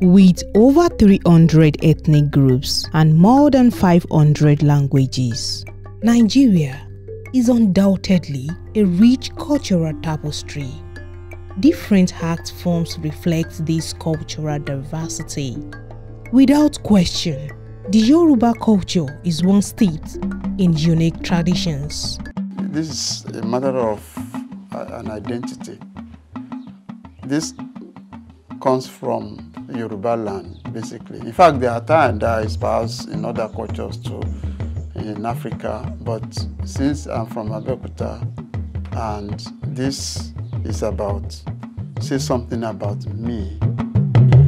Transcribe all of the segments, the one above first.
With over 300 ethnic groups and more than 500 languages, Nigeria is undoubtedly a rich cultural tapestry different art forms reflect this cultural diversity. Without question, the Yoruba culture is one steeped in unique traditions. This is a matter of uh, an identity. This comes from Yoruba land, basically. In fact, there are times that is passed in other cultures too, in Africa, but since I'm from Abeokuta, and this is about. Say something about me.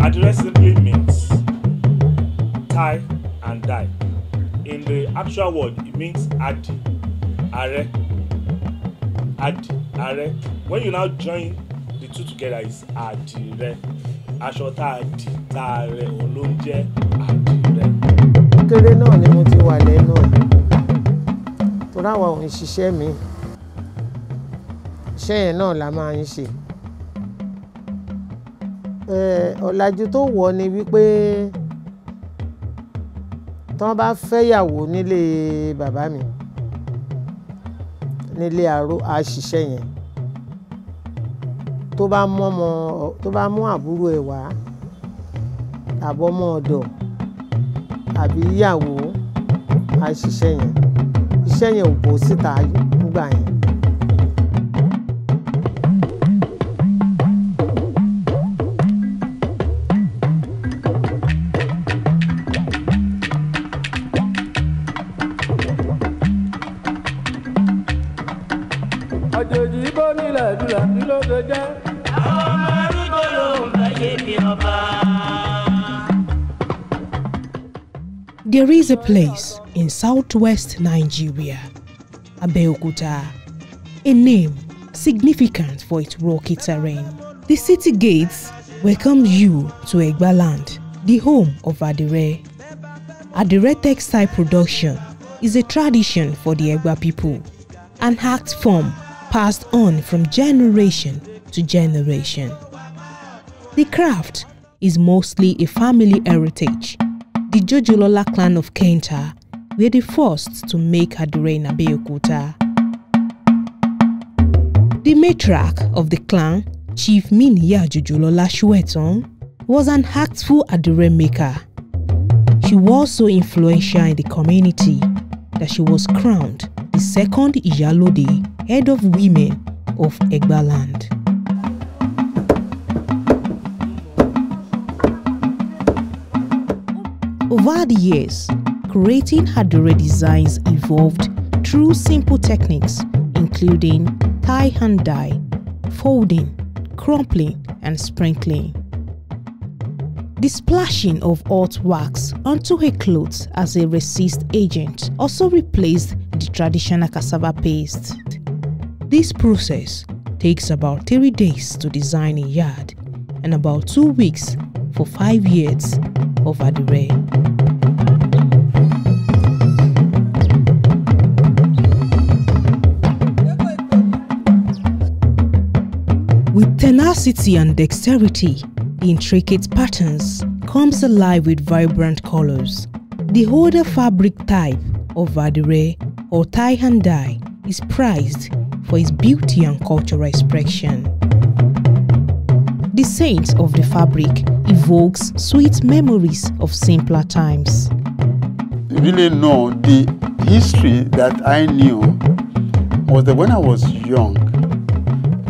Address means tie and die. In the actual word, it means add, are, add, are. When you now join the two together, it's adire. Aṣọ tá a di tá a rẹ̀ adire. Kékeré náà ni mo ti wà lẹ́nu ẹ̀. Torí àwa ò ṣiṣẹ́ mi iṣẹ́ yẹn náà la máa ń ṣe ọ̀làjú tó wọ̀ ni wípé tí wọ́n bá fẹ́yàwó nílé bàbá mi nílé àrò àṣìṣe yẹn tó bá mú ọmọ tó bá mú àbúrò ẹ̀ wá àbọ̀mọ́ ọ̀dọ̀ àbí ìyàwó àṣìṣe yẹn iṣẹ́ yẹn ò bọ́ síta nígbà yẹn There is a place in southwest Nigeria, Abeokuta, a name significant for its rocky terrain. The city gates welcome you to Egbaland, the home of Adire. Adire textile production is a tradition for the Egba people, an art form passed on from generation to generation. The craft is mostly a family heritage. The Jojolola clan of Kenta were the first to make Adurena Beokuta. The matriarch of the clan, Chief Minya Jojolola Shuetong, was an artful Adure maker. She was so influential in the community that she was crowned the second Iyalode, head of women of Egbaland. Over the years, creating Hadure designs evolved through simple techniques including tie and dye, folding, crumpling, and sprinkling. The splashing of hot wax onto her clothes as a resist agent also replaced the traditional cassava paste. This process takes about 3 days to design a yard and about 2 weeks for 5 yards the rain. With tenacity and dexterity, intricate patterns, comes alive with vibrant colors. The older fabric type of Vadire or Thai hand dye is prized for its beauty and cultural expression. The scent of the fabric evokes sweet memories of simpler times. Really know the history that I knew was that when I was young,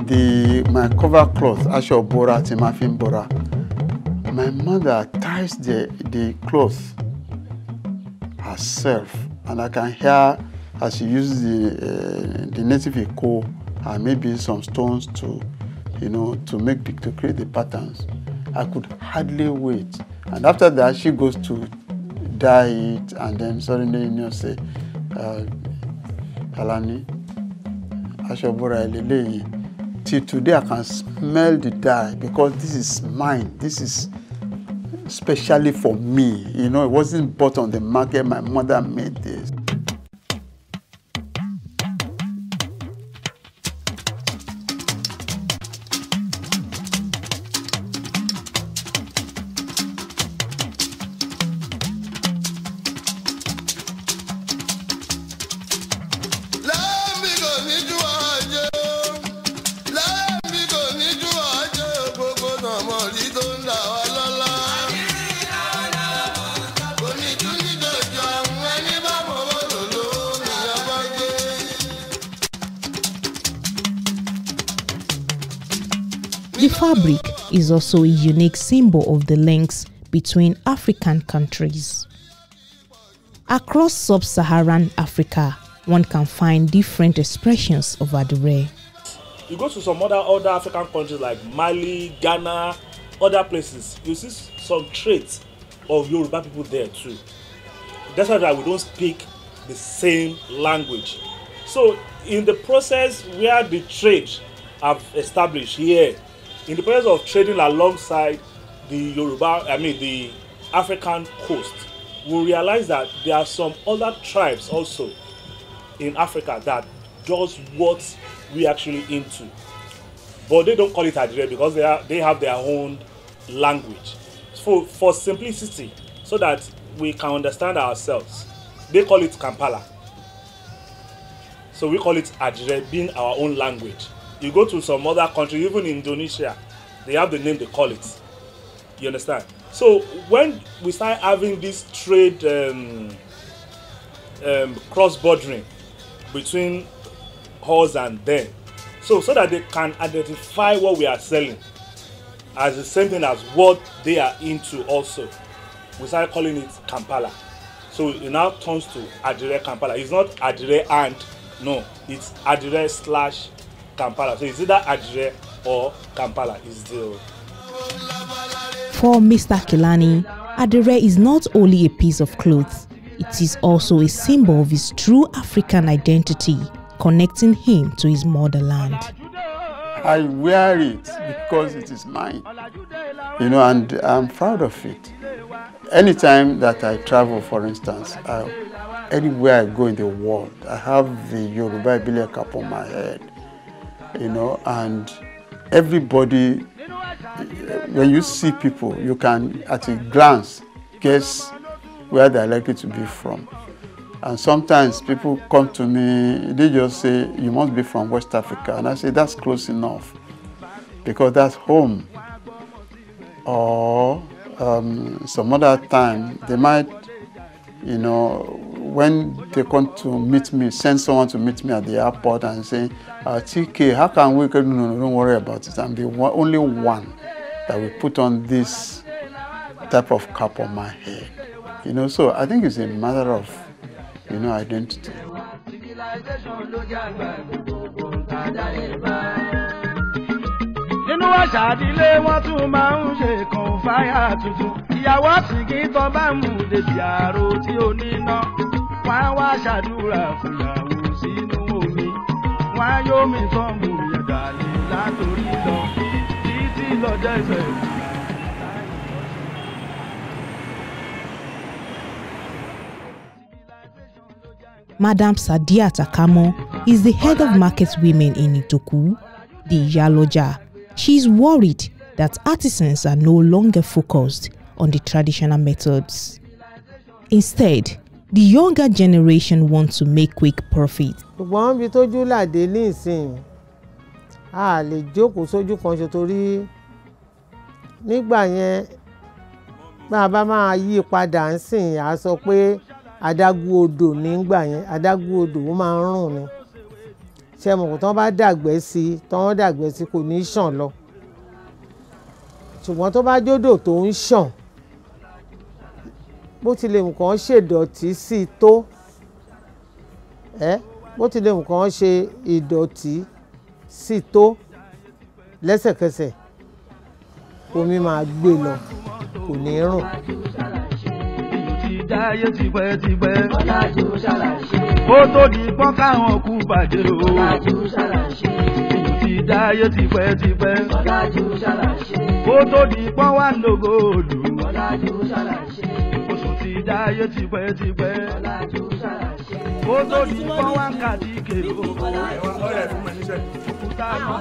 the my cover cloth, Ashobora, Timafin Bora, my mother ties the, the cloth herself and I can hear as she uses the, uh, the native eco and maybe some stones to, you know, to make the, to create the patterns. I could hardly wait. And after that, she goes to dye it and then suddenly you know, say, uh, Alani, aṣọ búra eléyìí till today I can smell the dye because this is mine. This is specially for me. You know, it wasn't bought on the market. My mother made this. fabric is also a unique symbol of the links between African countries. Across sub-Saharan Africa, one can find different expressions of Adure. You go to some other, other African countries like Mali, Ghana, other places, you see some traits of Yoruba people there too. That's why we don't speak the same language. So in the process where the trade have established here in the process of trading alongside the Yoruba, I mean the African coast, we realize that there are some other tribes also in Africa that does what we actually into. But they don't call it Adire because they are they have their own language. So for simplicity, so that we can understand ourselves, they call it Kampala. So we call it Adire being our own language. You go to some other country, even Indonesia, they have the name they call it. You understand? So when we start having this trade um, um, cross-bordering between us and them, so so that they can identify what we are selling as the same thing as what they are into also. We start calling it Kampala. So it now turns to Adire Kampala. It's not Adire and no, it's Adire slash Kampala. So it's either or Kampala is the. For Mr. Kilani, Adire is not only a piece of clothes, it is also a symbol of his true African identity, connecting him to his motherland. I wear it because it is mine, you know, and I'm proud of it. Anytime that I travel, for instance, I, anywhere I go in the world, I have the Yoruba Ibilia cap on my head. you know, and everybody, when you see people, you can at a glance guess where they're likely to be from. And sometimes people come to me, they just say, you must be from West Africa. And I say, that's close enough because that's home. Or um, some other time, they might, you know, when they come to meet me, send someone to meet me at the airport and say, uh, ah, TK, how can we, no, no, don't worry about it. I'm the one, only one that will put on this type of cap on my head. You know, so I think it's a matter of, you know, identity. nínú àṣà àdílé wọn tún máa ń ṣe kàn fáyà tuntun ìyàwó àtìgí tó bá mú dèjì àrò tí ó níná. ṣàdúrà sínú omi wọn á yóò mi látòrí lọ títí lọ́jọ́ Madam Sadia Takamo is the head of market women in Itoku, the Yaloja. She is worried that artisans are no longer focused on the traditional methods. Instead, the younger generation want to make quick profit. ṣùgbọ́n ibi tójú làdé nísìnyí a lè jókòó sójú kan ṣe torí nígbà yẹn bá a bá máa yí padà ń sìn á sọ pé adágún odò nígbà yẹn adágún odò ó máa ń rùn ni ṣe mọ̀ kó tán bá dàgbẹ́ sí i tán dàgbẹ́ sí i kò ní í ṣàn lọ ṣùgbọ́n tó bá jódò tó ń ṣàn bó ti lè nǹkan ṣèdọ̀tí sí i tó ẹ bó ti lè nǹkan ṣe ìdọ̀tí sí i tó lẹ́sẹ̀kẹsẹ̀ omi máa gbé lọ kò ní rùn. Ìdáyé tipẹ́ tipẹ́. Bọ́lájú ṣàlàyé. Ó tó di pọ́n káwọn kú bàjẹ́ o. Bọ́lájú ṣàlàyé. Ìdáyé tipẹ́ Bọ́lájú ṣàlàyé. Ó tó di pọ́n wà lógo òdù. Bọ́lájú ṣàlàyé ti dáyé tipẹ́tipẹ́. ó tó di fọ́n wá ń kà sí kèrò. òkúta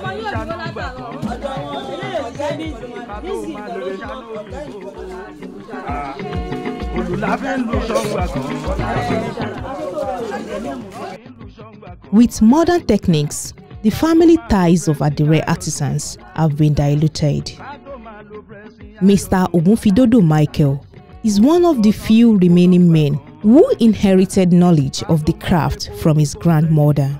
kan ní sanu gbà kan. ọ̀dọ̀ wọn ilé ìfẹ́ ní ìsìn ìgbàlódé. olùlàfẹ́ ń lu sọ́ngbà kan. With modern techniques, the family ties of Adire artisans have been diluted. Mr. Ogunfidodo Michael is one of the few remaining men who inherited knowledge of the craft from his grandmother.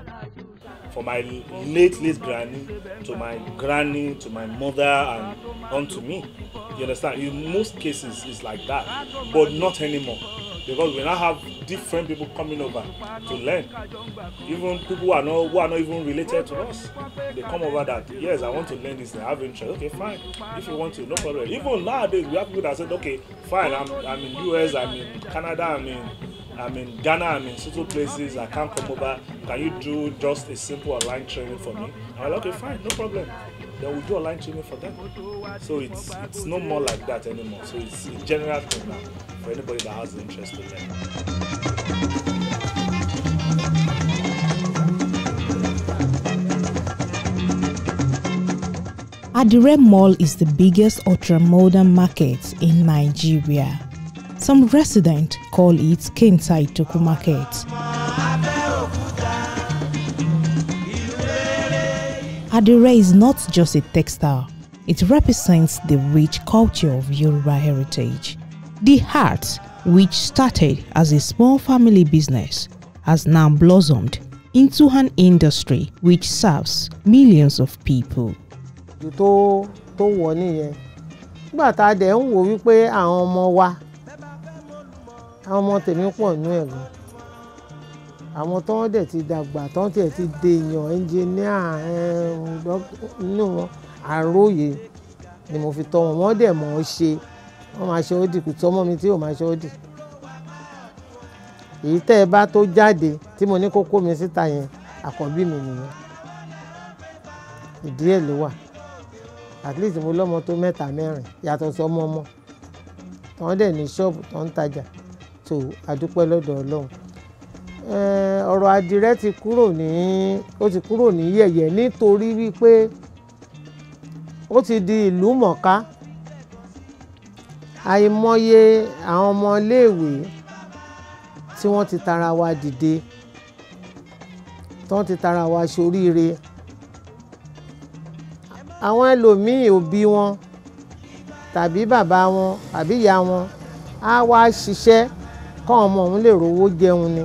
From my late, late granny to my granny to my mother and on to me. You understand? In most cases, it's like that, but not anymore because we now have different people coming over to learn even people who are not who are not even related to us they come over that yes i want to learn this i have interest okay fine if you want to no problem even nowadays we have people that said okay fine i'm i'm in us i'm in canada i'm in i'm in ghana i'm in certain places i can't come over can you do just a simple online training for me i'm like okay fine no problem then we do online training for them so it's it's no more like that anymore so it's a general now anybody that has an interest in it. Adire Mall is the biggest ultra-modern market in Nigeria. Some residents call it Kensai Toku Market. Adire is not just a textile, it represents the rich culture of Yoruba heritage. The Heart, which started as a small family business, has now blossomed into an industry which serves millions of people. tó tó wọ nìyẹn nígbà tá a dẹ̀ ń wò wípé àwọn ọmọ wa àwọn ọmọ tèmi pọ̀ nú ẹ̀ gan àwọn tó ń dẹ̀ ti dàgbà tó ń tiẹ̀ ti dèèyàn ẹnjìníà ẹ̀ẹ́n nínú wọn àròyé ni mo fi tọ́ wọn wọ́n dẹ̀ mọ̀ ọ́ ṣe wọ́n máa ṣe ódì kùtù ọmọ mi tí yóò máa ṣe ódì èyí tẹ́ ẹ bá tó jáde tí mo ní kó kó mi síta yẹn àkọ́bí mi nìyẹn ìdí ẹ̀ ló wà at least mo lọ́mọ tó mẹ́ta mẹ́rin yàtọ̀ sí ọmọ ọmọ tọ́n dẹ̀ ní ṣọ́ọ̀bù tọ́n ń tajà tó àdúpẹ́ lọ́dọ̀ ọlọ́run ọ̀rọ̀ àdìrẹ ti kúrò ní ó ti kúrò ní yẹ̀yẹ̀ nítorí wípé ó ti di ìlú mọ̀ká àìmọye àwọn ọmọléèwé tí wọ́n ti tara wa dìde tí wọ́n ti tara wa ṣoríire àwọn ẹlòmíì òbí wọn tàbí bàbá wọn tàbí ìyá wọn á wá ṣiṣẹ́ kọ́ ọmọ òun lè rówó jẹun ni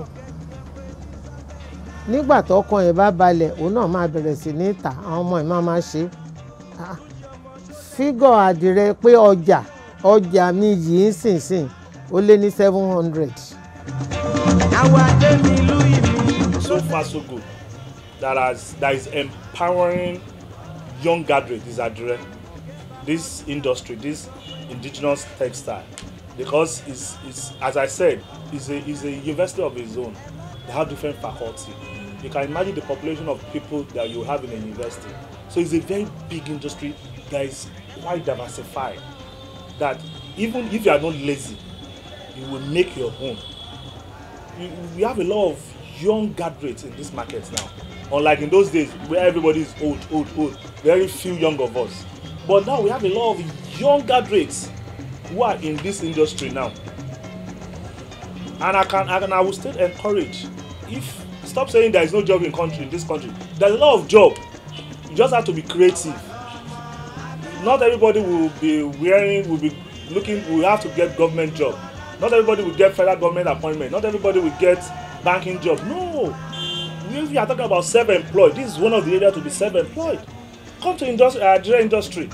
nígbà tọkàn ẹ̀ bá balẹ̀ òun náà máa bẹ̀rẹ̀ sí ní ta àwọn ọmọ ẹ̀ máa máa ṣe fígọ̀ àdìrẹ pé ọjà ọjà mi yìí ń ó lé ní seven hundred. àwa èmi ìlú ìlú. so far so good that, has, that is empowering young graduates is adire this industry this indigenous textile because it's, it's, as I said it's a, it's a university of its own they have different faculty you can imagine the population of people that you have in a university so it's a very big industry that is quite diversified that even if you are not lazy you will make your own we have a lot of young graduates in this market now unlike in those days where everybody is old old old very few young of us but now we have a lot of young graduates who are in this industry now and i can and i will still encourage if stop saying there is no job in country in this country there is a lot of job you just have to be creative not everybody will be wearing will be looking will have to get government job not everybody will get federal government appointment not everybody will get banking job no if you are talking about self-employed this is one of the areas to be self-employed come to industry Nigeria uh, industry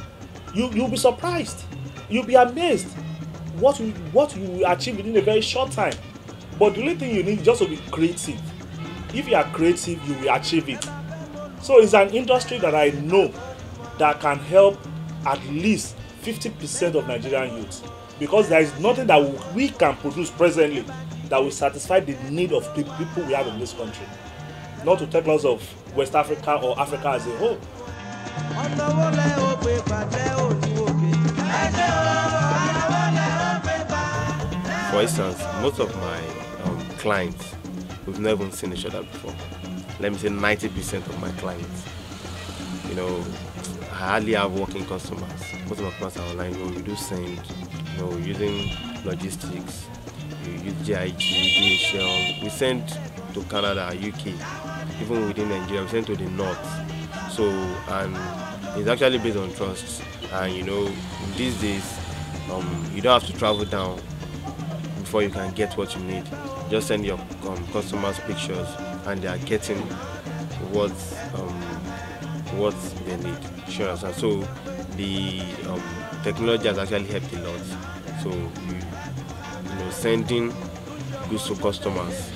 you you'll be surprised You'll be amazed what you what you will achieve within a very short time but the only thing you need is just to be creative if you are creative you will achieve it so it's an industry that I know that can help at least 50% of Nigerian youth because there is nothing that we can produce presently that will satisfy the need of the people we have in this country. Not to take loss of West Africa or Africa as a whole. For instance, most of my um, clients, we've never seen each other before. Let me say 90% of my clients you know, I hardly have working customers. Most of my customers are online. You know, we do send, you know, using logistics, we use GIG, DHL. We send to Canada, UK, even within Nigeria, we send to the north. So, and it's actually based on trust. And you know, these days, um, you don't have to travel down before you can get what you need. Just send your um, customers pictures, and they are getting what um, what they need. Sure, so the um, technology has actually helped a lot. So mm, you know, sending goods to customers,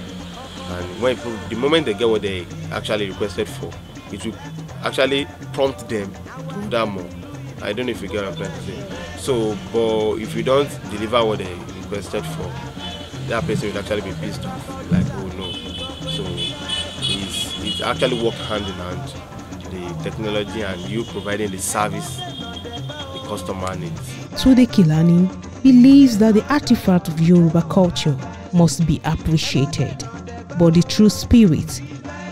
and when the moment they get what they actually requested for, it will actually prompt them to do more. I don't know if you get what I'm trying to say. So, but if you don't deliver what they requested for, that person will actually be pissed off. Like, oh no. So, it's, it's actually work hand in hand the technology and you providing the service the customer needs. Tunde Kilani believes that the artifact of Yoruba culture must be appreciated, but the true spirit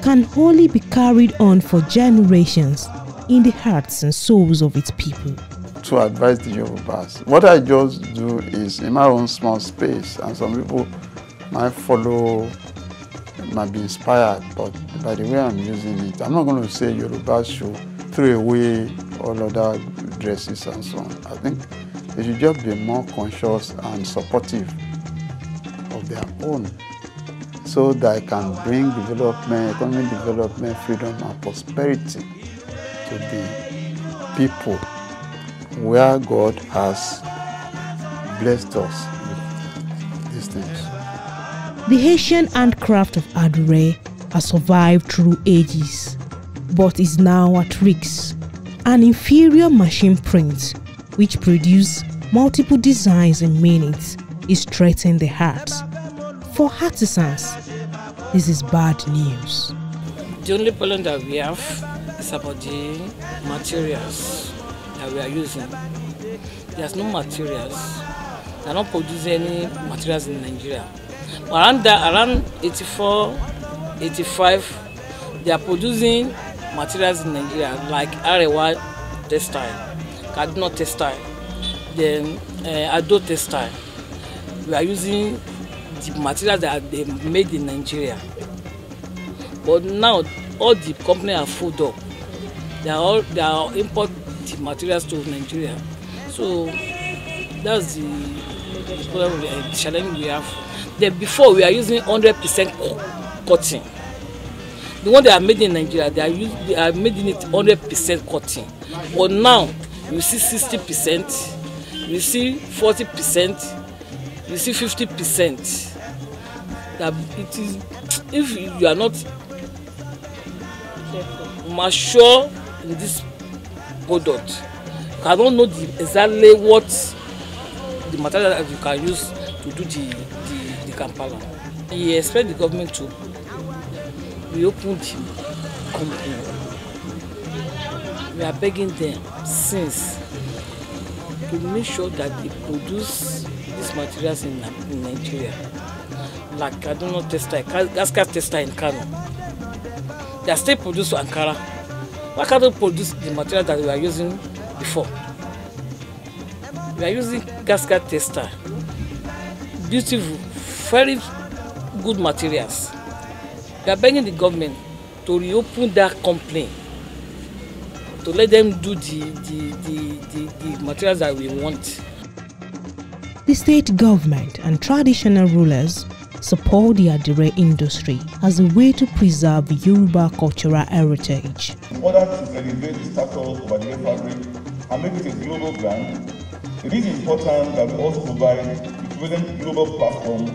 can only be carried on for generations in the hearts and souls of its people. To advise the Yorubas, what I just do is in my own small space, and some people might follow might be inspired, but by the way I'm using it, I'm not going to say Yoruba should throw away all other dresses and so on. I think they should just be more conscious and supportive of their own so that it can bring development, economic development, freedom and prosperity to the people where God has blessed us. The Haitian handcraft of Adure has survived through ages, but is now at risk. An inferior machine print, which produces multiple designs in minutes, is threatening the art. For artisans, this is bad news. The only problem that we have is about the materials that we are using. There's no materials. They are not producing any materials in Nigeria. around that around 84 85 they are producing materials in Nigeria like Arewa textile Kaduna textile then uh, Ado textile we are using the materials that they eh, made in Nigeria but now all the company are full up they are all they are import the materials to Nigeria so that's the uh, challenge we have. Then before we are using 100% cotton. The one they are made in Nigeria, they are use, they are made in it 100% cotton. But now you see 60%, you see 40%, you see 50%. That it is if you are not mature in this product, I don't know the, exactly what the material that you can use to do the the, the kampala he expect the government to reopen the company we are begging them since to make sure that they produce these materials in, in nigeria like kaduna textile gaskas textile in kano they are still produced in ankara why can't they produce the material that we are using before We are using gasket tester. Beautiful, very good materials. We are begging the government to reopen that complaint to let them do the, the, the, the, the materials that we want. The state government and traditional rulers support the Adire industry as a way to preserve Yoruba cultural heritage. In order to elevate the status of Adire fabric and make it a global brand, it is important that we also provide a present global platform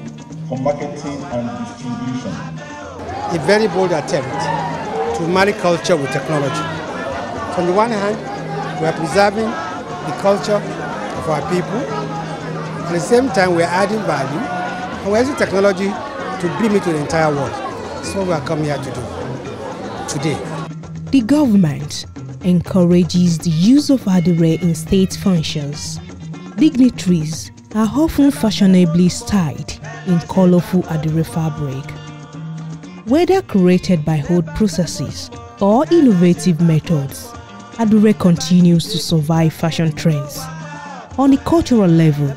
for marketing and distribution. A very bold attempt to marry culture with technology. on the one hand, we are preserving the culture of our people. At the same time, we are adding value and we're using technology to bring it to the entire world. That's what we are coming here to do today. The government encourages the use of hardware in state functions. Dignitaries are often fashionably styled in colorful Adire fabric. Whether created by old processes or innovative methods, Adire continues to survive fashion trends. On a cultural level,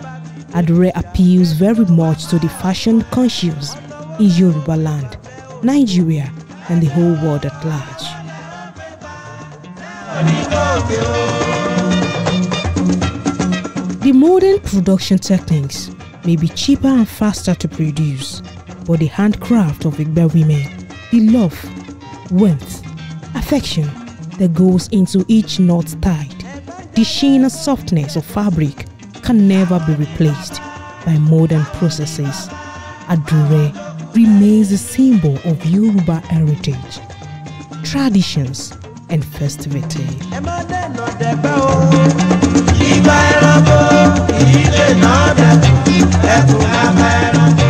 Adire appeals very much to the fashion conscious in Yoruba land, Nigeria, and the whole world at large. The modern production techniques may be cheaper and faster to produce, but the handcraft of Igba women, the love, warmth, affection that goes into each knot tied, the sheen and softness of fabric can never be replaced by modern processes. Adure remains a symbol of Yoruba heritage, traditions, and festivity. E nada é tua merda